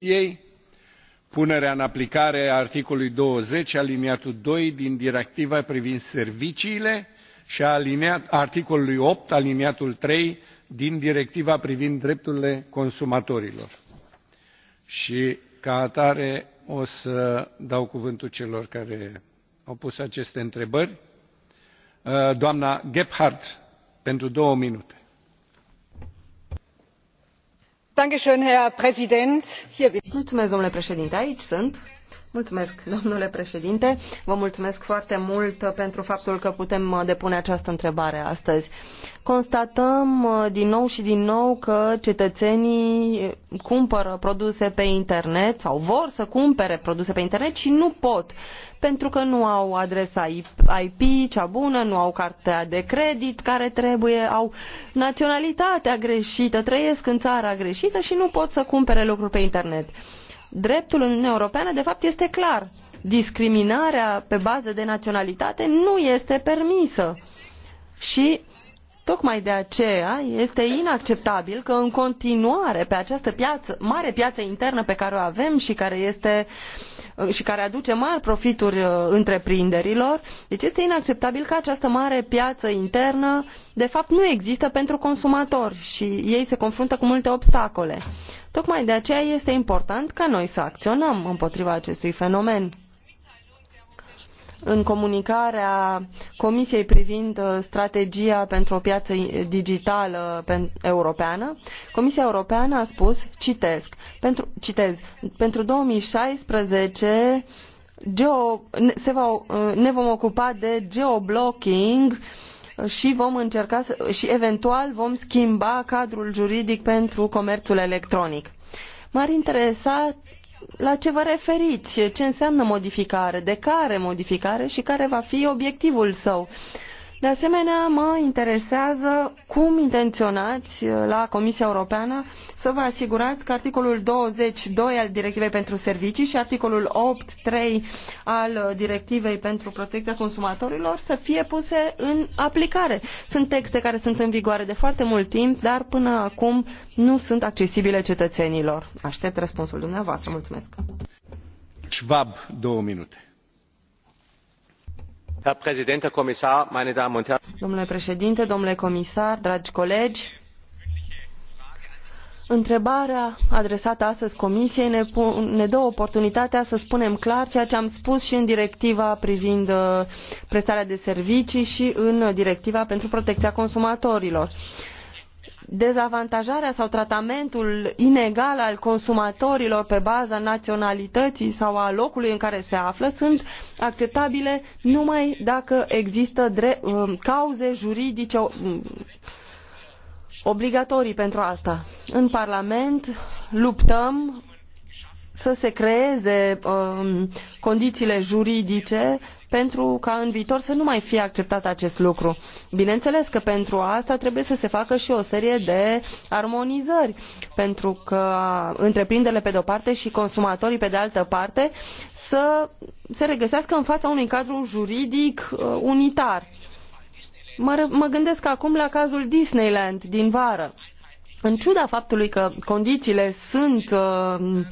comisiei punerea în aplicare a articolului douăzeci aliniatul doi din directiva privind serviciile și a articolului opt aliniatul trei din directiva privind drepturile consumatorilor. Și ca atare o să dau cuvântul celor care au pus aceste întrebări. Uh, doamna Gebhardt, pentru două minute domnule președinte aici sunt. Mulțumesc, domnule președinte. Vă mulțumesc foarte mult pentru faptul că putem uh, depune această întrebare astăzi. Constatăm uh, din nou și din nou că cetățenii uh, cumpără produse pe internet sau vor să cumpere produse pe internet și nu pot pentru că nu au adresa IP cea bună, nu au cartea de credit care trebuie, au naționalitatea greșită, trăiesc în țara greșită și nu pot să cumpere lucruri pe internet dreptul în Uniunea Europeană, de fapt, este clar. Discriminarea pe bază de naționalitate nu este permisă. Și Tocmai de aceea este inacceptabil că în continuare pe această piață, mare piață internă pe care o avem și care, este, și care aduce mari profituri uh, întreprinderilor, deci este inacceptabil că această mare piață internă de fapt nu există pentru consumatori și ei se confruntă cu multe obstacole. Tocmai de aceea este important ca noi să acționăm împotriva acestui fenomen. În comunicarea Comisiei privind uh, strategia pentru o piață uh, digitală europeană, Comisia Europeană a spus, citesc, pentru, citez, pentru 2016 geo, se va, uh, ne vom ocupa de geoblocking și vom încerca și eventual vom schimba cadrul juridic pentru comerțul electronic. M-ar interesa la ce vă referiți, ce înseamnă modificare, de care modificare și care va fi obiectivul său. Uh, de asemenea, mă interesează cum intenționați uh, la Comisia Europeană să vă asigurați că articolul 22 al Directivei pentru Servicii și articolul 8.3 al uh, Directivei pentru Protecția Consumatorilor să fie puse în aplicare. Sunt texte care sunt în vigoare de foarte mult timp, dar până acum nu sunt accesibile cetățenilor. Aștept răspunsul dumneavoastră. Mulțumesc. Schwab, două minute domnule președinte domnule comisar dragi colegi întrebarea adresată astăzi comisiei ne, dă oportunitatea să spunem clar ceea ce am spus și în directiva privind uh, prestarea de servicii și în directiva pentru protecția consumatorilor dezavantajarea sau tratamentul inegal al consumatorilor pe baza naionalităii sau a locului în care se află sunt acceptabile numai dacă există uh, cauze juridice uh, obligatorii pentru asta. În Parlament luptăm să se creeze um, condițiile juridice pentru ca în viitor să nu mai fie acceptat acest lucru. Bineînțeles că pentru asta trebuie să se facă și o serie de armonizări, pentru că întreprinderile pe de-o parte și consumatorii pe de altă parte să se regăsească în fața unui cadru juridic uh, unitar. Mă, mă gândesc acum la cazul Disneyland din vară. În ciuda faptului că condițiile sunt uh,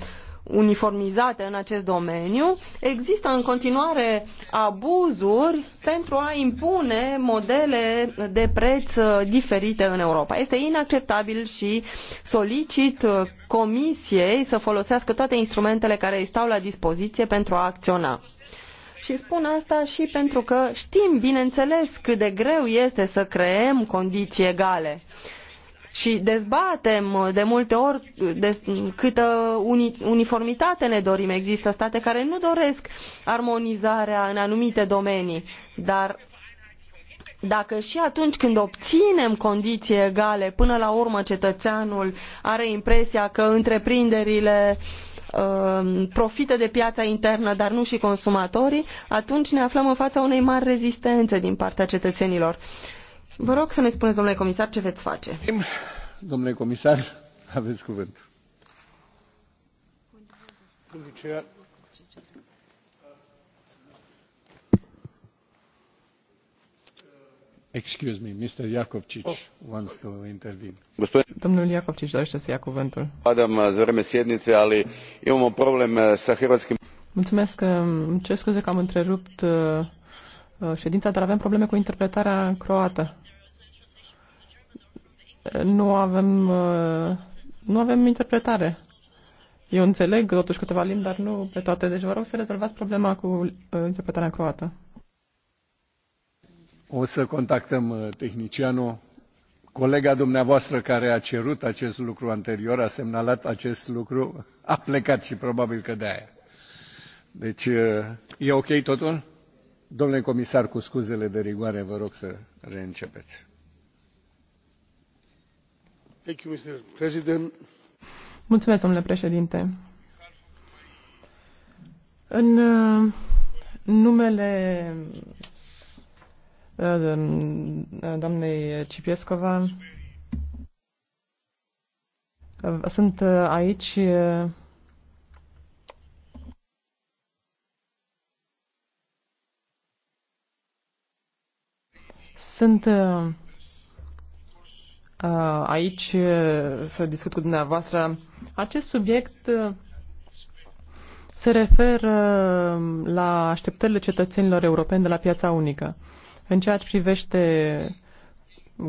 uniformizate în acest domeniu, există în continuare abuzuri pentru a impune modele de preț uh, diferite în Europa. Este inacceptabil și solicit uh, Comisiei să folosească toate instrumentele care îi stau la dispoziție pentru a acționa. Și spun asta și pentru că știm, bineînțeles, cât de greu este să creăm condiții egale și dezbatem uh, de multe ori de câtă uniformitate ne dorim. Există state care nu doresc armonizarea în anumite domenii, dar dacă și atunci când obținem condiții egale, până la urmă cetățeanul are impresia că întreprinderile uh, profită de piața internă, dar nu și consumatorii, atunci ne aflăm în fața unei mari rezistențe din partea cetățenilor. Vă rog să ne spuneți, domnule comisar, ce veți face. Domnule comisar, aveți cuvânt. Excuse me, Mr. Jakovčić oh. wants to intervene. Domnul Jakovčić dorește să ia cuvântul. Adam, za vreme sjednice, ali imamo problem sa hrvatskim... Mulțumesc, ce scuze că am întrerupt uh, uh, ședința, dar avem probleme cu interpretarea croată nu avem, uh, nu avem interpretare. Eu înțeleg totuși câteva limbi, dar nu pe toate. Deci vă rog să rezolvați problema cu uh, interpretarea croată. O să contactăm uh, tehnicianul. Colega dumneavoastră care a cerut acest lucru anterior, a semnalat acest lucru, a plecat și probabil că de aia. Deci e ok totul? Domnule comisar, cu scuzele de rigoare, vă rog să reîncepeți. Mulțumesc, domnule președinte. În uh, numele uh, uh, doamnei Cipiescova, sunt aici sunt Uh, aici uh, să discut cu dumneavoastră. Acest subiect uh, se referă la așteptările cetățenilor europeni de la piața unică. În ceea ce privește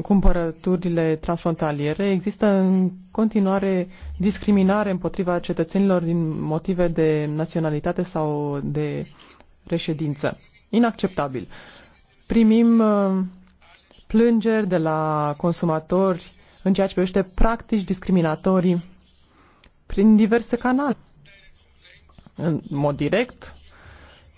cumpărăturile transfrontaliere, există în continuare discriminare împotriva cetățenilor din motive de naționalitate sau de reședință. Inacceptabil. Primim plângeri de la consumatori în ceea ce privește practici discriminatorii prin diverse canale, în mod direct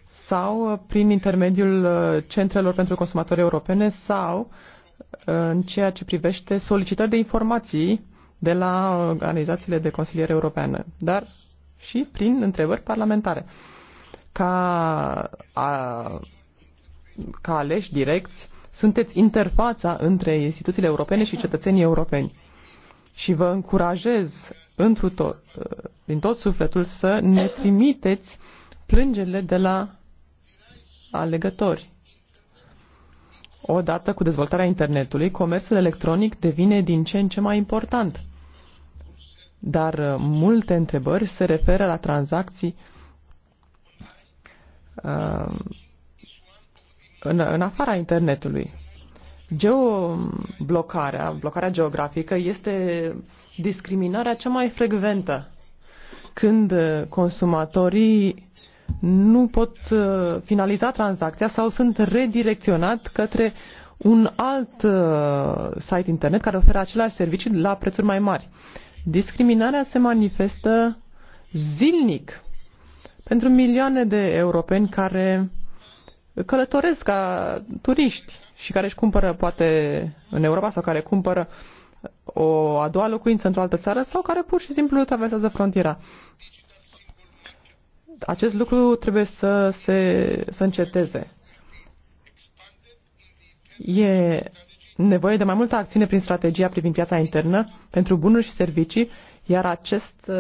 sau uh, prin intermediul uh, centrelor pentru consumatori europene sau uh, în ceea ce privește solicitări de informații de la organizațiile de consiliere europeană, dar și prin întrebări parlamentare. Ca, a, ca aleși direcți, sunteți interfața între instituțiile europene și cetățenii europeni. Și vă încurajez întru to- din tot sufletul să ne trimiteți plângerile de la alegători. Odată cu dezvoltarea internetului, comerțul electronic devine din ce în ce mai important. Dar uh, multe întrebări se referă la tranzacții uh, în, în afara internetului. Geoblocarea, blocarea geografică, este discriminarea cea mai frecventă când consumatorii nu pot uh, finaliza tranzacția sau sunt redirecționați către un alt uh, site internet care oferă același servicii la prețuri mai mari. Discriminarea se manifestă zilnic pentru milioane de europeni care călătoresc ca turiști și care își cumpără poate în Europa sau care cumpără o a doua locuință într-o altă țară sau care pur și simplu traversează frontiera. Acest lucru trebuie să, se, să înceteze. E nevoie de mai multă acțiune prin strategia privind piața internă pentru bunuri și servicii, iar, acest,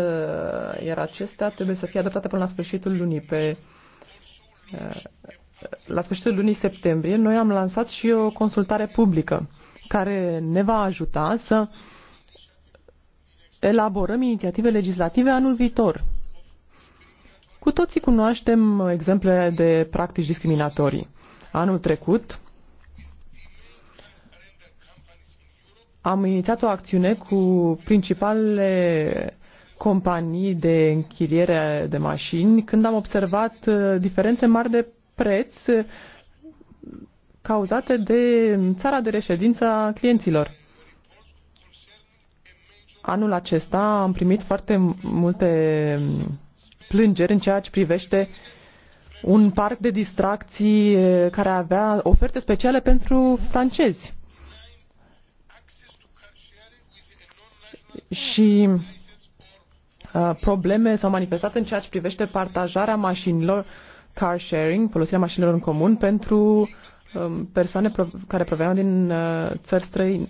iar acestea trebuie să fie adaptate până la sfârșitul lunii pe la sfârșitul lunii septembrie, noi am lansat și o consultare publică care ne va ajuta să elaborăm inițiative legislative anul viitor. Cu toții cunoaștem exemple de practici discriminatorii. Anul trecut am inițiat o acțiune cu principalele companii de închiriere de mașini când am observat uh, diferențe mari de preț cauzate de țara de reședință a clienților. Anul acesta am primit foarte multe plângeri în ceea ce privește un parc de distracții eh, care avea oferte speciale pentru francezi. Și eh, probleme s-au manifestat în ceea ce privește partajarea mașinilor uh, car sharing, folosirea mașinilor în comun pentru um, persoane care proveneau din uh, țări străine.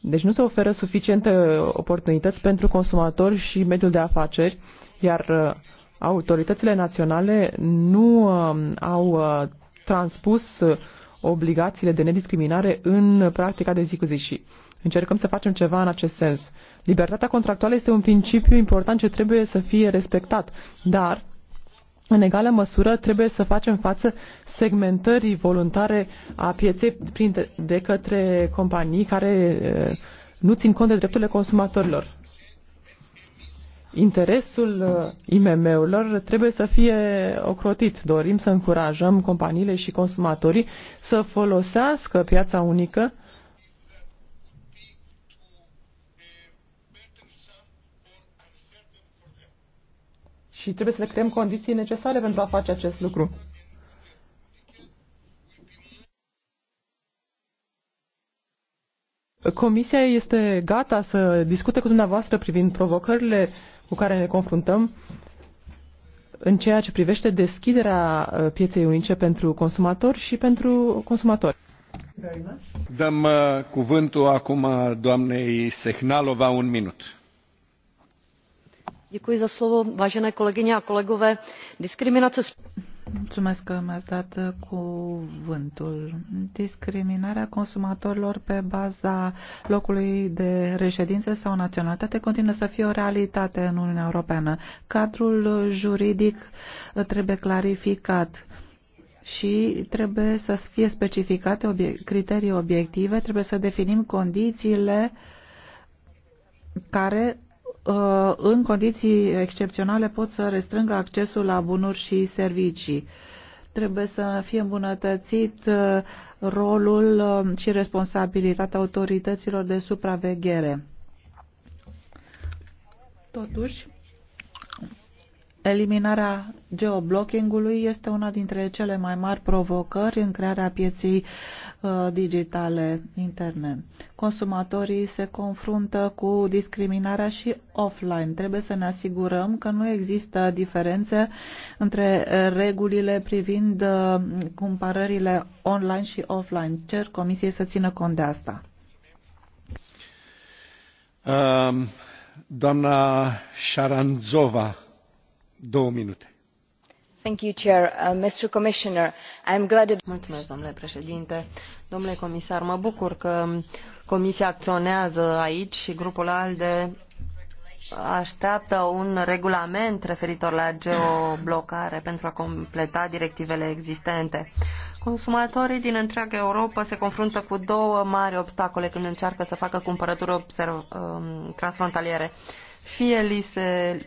Deci nu se oferă suficiente oportunități pentru consumatori și mediul de afaceri, iar uh, autoritățile naționale nu um, au uh, transpus obligațiile de nediscriminare în practica de zi cu zi și Încercăm să facem ceva în acest sens. Libertatea contractuală este un principiu important ce trebuie să fie respectat, dar în egală măsură trebuie să facem față segmentării voluntare a pieței de către companii care uh, nu țin cont de drepturile consumatorilor. Interesul uh, IMM-urilor trebuie să fie ocrotit. Dorim să încurajăm companiile și consumatorii să folosească piața unică și trebuie să le creăm condiții necesare pentru a face acest lucru. Comisia este gata să discute cu dumneavoastră privind provocările cu care ne confruntăm în ceea ce privește deschiderea uh, pieței unice pentru consumatori și pentru consumatori. Dăm uh, cuvântul acum uh, doamnei Sehnalova un minut vážené kolegyně a kolegové diskriminace Mulțumesc că mi-ați dat cuvântul. Discriminarea consumatorilor pe baza locului de reședință sau naționalitate continuă să fie o realitate în Uniunea Europeană. Cadrul juridic trebuie clarificat și trebuie să fie specificate obie criterii obiective, trebuie să definim condițiile care Uh, în condiții excepționale pot să restrângă accesul la bunuri și servicii. Trebuie să fie îmbunătățit uh, rolul uh, și responsabilitatea autorităților de supraveghere. Totuși, Eliminarea geoblockingului este una dintre cele mai mari provocări în crearea pieței uh, digitale interne. Consumatorii se confruntă cu discriminarea și offline. Trebuie să ne asigurăm că nu există diferențe între uh, regulile privind uh, cumpărările online și offline. Cer Comisiei să țină cont de asta. Um, doamna Șaranzova Uh, Mulțumesc, domnule președinte domnule comisar mă bucur că comisia acționează aici și grupul alde așteaptă un regulament referitor la geoblocare pentru a completa directivele existente. Consumatorii din întreaga Europa se confruntă cu două mari obstacole când încearcă să facă cumpărături um, transfrontaliere fie li se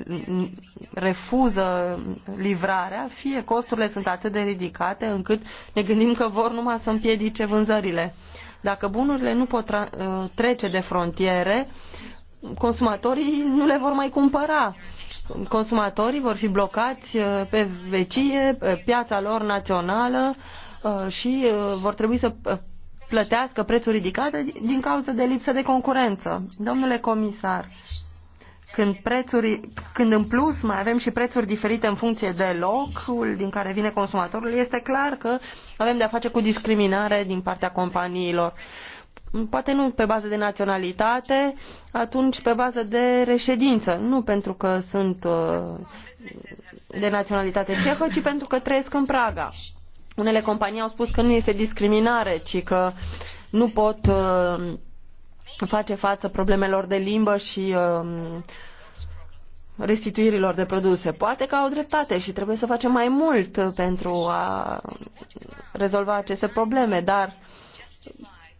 refuză livrarea, fie costurile sunt atât de ridicate încât ne gândim că vor numai să împiedice vânzările. Dacă bunurile nu pot uh, trece de frontiere, consumatorii nu le vor mai cumpăra. Consumatorii vor fi blocați uh, pe vecie, pe piața lor națională uh, și vor trebui să plătească prețuri ridicate din cauza de lipsă de concurență. Domnule comisar, când, prețuri, când în plus mai avem și prețuri diferite în funcție de locul din care vine consumatorul, este clar că avem de-a face cu discriminare din partea companiilor. Poate nu pe bază de naționalitate, atunci pe bază de reședință. Nu pentru că sunt uh, de naționalitate cehă, ci pentru că trăiesc în Praga. Unele companii au spus că nu este discriminare, ci că nu pot uh, face față problemelor de limbă și um, restituirilor de produse. Poate că au dreptate și trebuie să facem mai mult pentru a rezolva aceste probleme, dar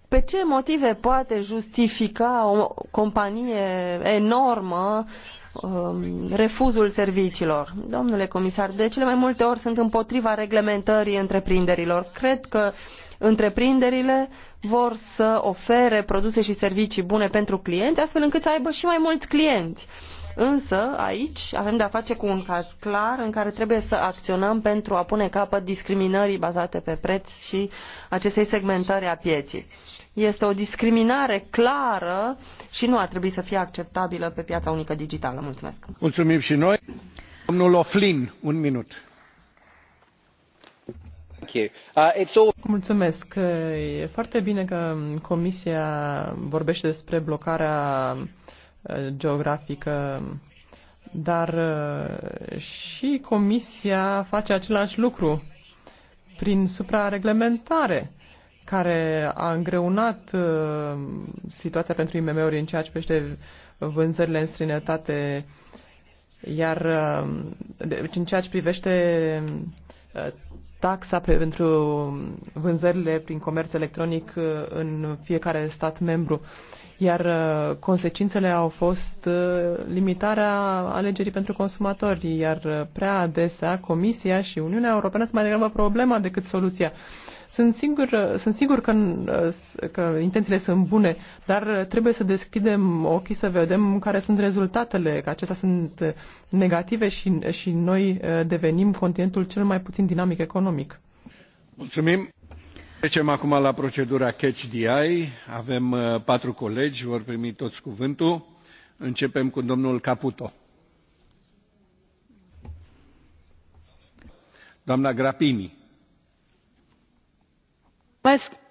pe ce motive poate justifica o companie enormă um, refuzul serviciilor. Domnule comisar, de cele mai multe ori sunt împotriva reglementării întreprinderilor. Cred că Întreprinderile vor să ofere produse și servicii bune pentru clienți, astfel încât să aibă și mai mulți clienți. Însă, aici avem de-a face cu un caz clar în care trebuie să acționăm pentru a pune capăt discriminării bazate pe preț și acestei segmentări a pieții. Este o discriminare clară și nu ar trebui să fie acceptabilă pe piața unică digitală. Mulțumesc! Mulțumim și noi! Domnul Oflin, un minut Uh, Mulțumesc. E foarte bine că Comisia vorbește despre blocarea uh, geografică, dar uh, și Comisia face același lucru prin suprareglementare care a îngreunat situația pentru IMM-uri în ceea ce privește vânzările în străinătate, iar deci în ceea ce privește taxa pentru vânzările prin comerț electronic uh, în fiecare stat membru. Iar uh, consecințele au fost uh, limitarea alegerii pentru consumatori, iar prea adesea Comisia și Uniunea Europeană sunt mai degrabă problema decât soluția. Sunt sigur, sunt sigur că, că intențiile sunt bune, dar trebuie să deschidem ochii să vedem care sunt rezultatele, că acestea sunt negative și, și noi devenim continentul cel mai puțin dinamic economic. Mulțumim. Trecem acum la procedura Catch the Eye. Avem patru colegi, vor primi toți cuvântul. Începem cu domnul Caputo. Doamna Grapini mulțumesc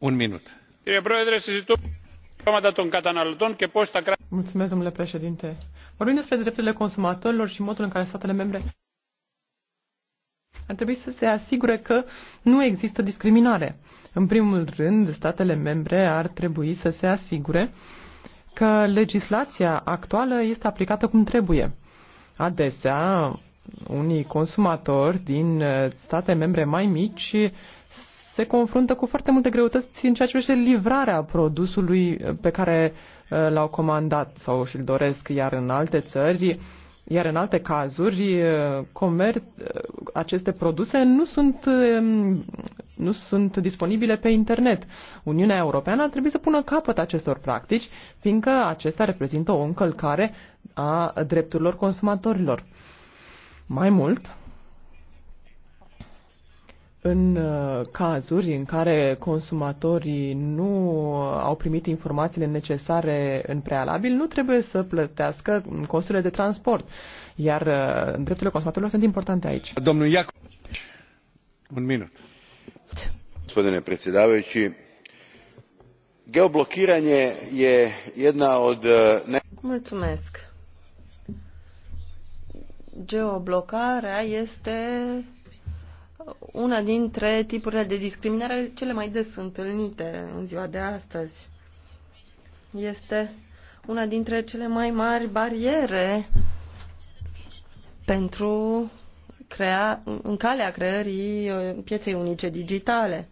Un minut. domnule președinte. Vorbim despre drepturile consumatorilor și modul în care statele membre ar trebui să se asigure că nu există discriminare. În primul rând, statele membre ar trebui să se asigure că legislația actuală este aplicată cum trebuie. Adesea, unii consumatori din uh, state membre mai mici se confruntă cu foarte multe greutăți în ceea ce privește livrarea produsului uh, pe care uh, l-au comandat sau și-l doresc, iar în alte țări, iar în alte cazuri, comer, aceste produse nu sunt, um, nu sunt disponibile pe internet. Uniunea Europeană ar trebui să pună capăt acestor practici, fiindcă acestea reprezintă o încălcare a drepturilor consumatorilor. Mai mult, în uh, cazuri în care consumatorii nu au primit informațiile necesare în prealabil, nu trebuie să plătească costurile de transport. Iar uh, drepturile consumatorilor sunt importante aici. Domnul Iacu, un minut. Gospodine predsjedavajući, geoblokiranje je jedna od... Uh, Mulțumesc geoblocarea este una dintre tipurile de discriminare cele mai des întâlnite în ziua de astăzi. Este una dintre cele mai mari bariere pentru crea, în calea creării uh, pieței unice digitale.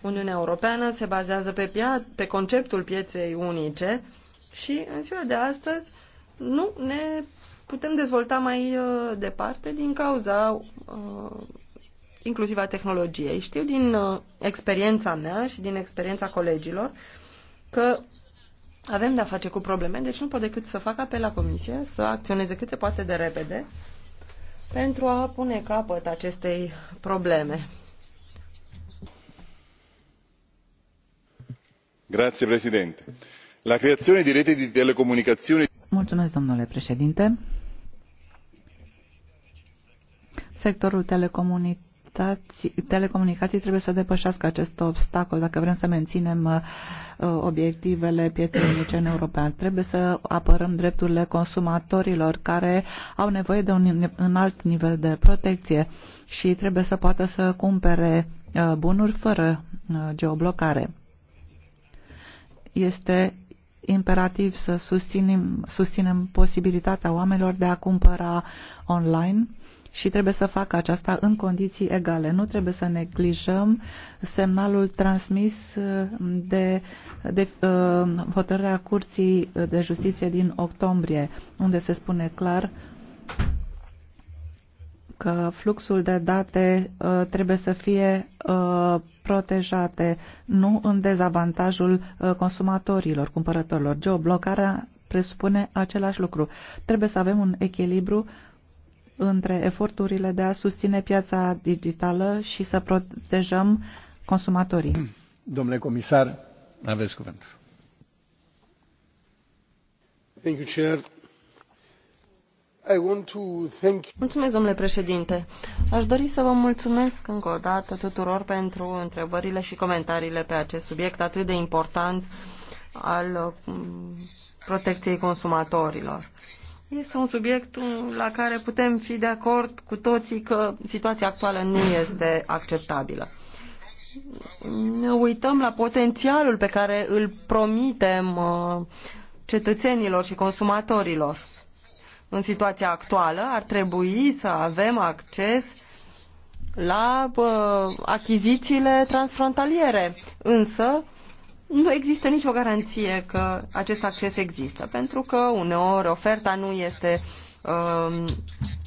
Uniunea Europeană se bazează pe, pia, pe conceptul pieței unice și în ziua de astăzi nu ne putem dezvolta mai uh, departe din cauza uh, inclusiv a tehnologiei. Știu din uh, experiența mea și din experiența colegilor că avem de-a face cu probleme, deci nu pot decât să fac apel la comisie să acționeze cât se poate de repede pentru a pune capăt acestei probleme. Grazie, președinte. La creazione di rete di telecomunicazione... Mulțumesc, domnule președinte. Sectorul telecomunicații trebuie să depășească acest obstacol dacă vrem să menținem uh, obiectivele pieței unice în european. Trebuie să apărăm drepturile consumatorilor care au nevoie de un alt nivel de protecție și trebuie să poată să cumpere uh, bunuri fără uh, geoblocare. Este imperativ să susținem, susținem posibilitatea oamenilor de a cumpăra online și trebuie să facă aceasta în condiții egale. Nu trebuie să neglijăm semnalul transmis uh, de, de uh, hotărârea Curții de Justiție din octombrie, unde se spune clar că fluxul de date uh, trebuie să fie uh, protejate, nu în dezavantajul uh, consumatorilor, cumpărătorilor. Geoblocarea presupune același lucru. Trebuie să avem un echilibru uh, între eforturile de a susține piața digitală și să protejăm consumatorii. Domnule comisar, aveți cuvântul. Thank you, Chair. Mulțumesc, domnule președinte aș dori să vă mulțumesc încă o dată tuturor pentru întrebările și comentariile pe acest subiect atât de important al mm, protecției consumatorilor. Este un subiect la care putem fi de acord cu toții că situația actuală nu este acceptabilă. Ne uităm la potențialul pe care îl promitem uh, cetățenilor și consumatorilor. În situația actuală ar trebui să avem acces la uh, achizițiile transfrontaliere, însă nu există nicio garanție că acest acces există, pentru că uneori oferta nu este um,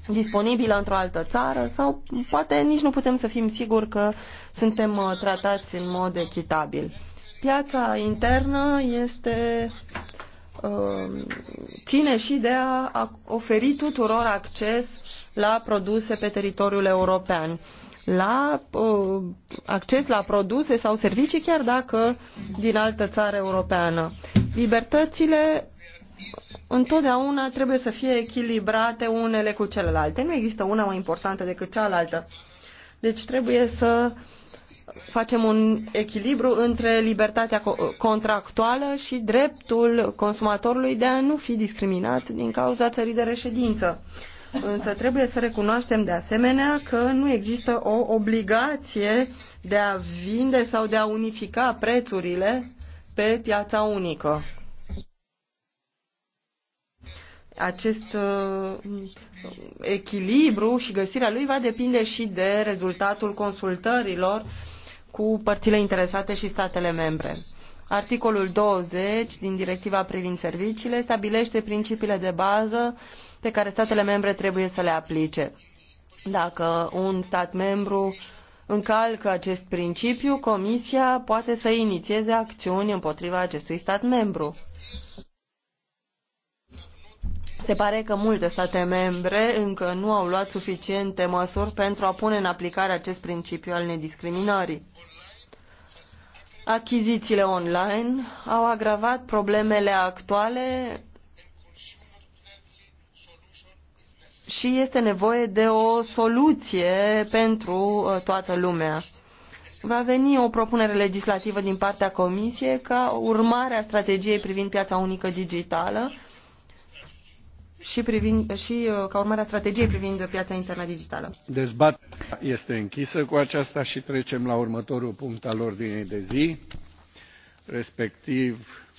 disponibilă într-o altă țară sau poate nici nu putem să fim siguri că suntem uh, tratați în mod echitabil. Piața internă este um, ține și de a oferi tuturor acces la produse pe teritoriul european la uh, acces la produse sau servicii, chiar dacă din altă țară europeană. Libertățile întotdeauna trebuie să fie echilibrate unele cu celelalte. Nu există una mai importantă decât cealaltă. Deci trebuie să facem un echilibru între libertatea contractuală și dreptul consumatorului de a nu fi discriminat din cauza țării de reședință. Însă trebuie să recunoaștem de asemenea că nu există o obligație de a vinde sau de a unifica prețurile pe piața unică. Acest uh, echilibru și găsirea lui va depinde și de rezultatul consultărilor cu părțile interesate și statele membre. Articolul 20 din directiva privind serviciile stabilește principiile de bază pe care statele membre trebuie să le aplice. Dacă un stat membru încalcă acest principiu, Comisia poate să inițieze acțiuni împotriva acestui stat membru. Se pare că multe state membre încă nu au luat suficiente măsuri pentru a pune în aplicare acest principiu al nediscriminării. Achizițiile online au agravat problemele actuale și este nevoie de o soluție pentru uh, toată lumea. Va veni o propunere legislativă din partea Comisiei ca urmare a strategiei privind piața unică digitală și, privind, și uh, ca urmare a strategiei privind piața internă digitală. Dezbaterea este închisă cu aceasta și trecem la următorul punct al ordinei de zi, respectiv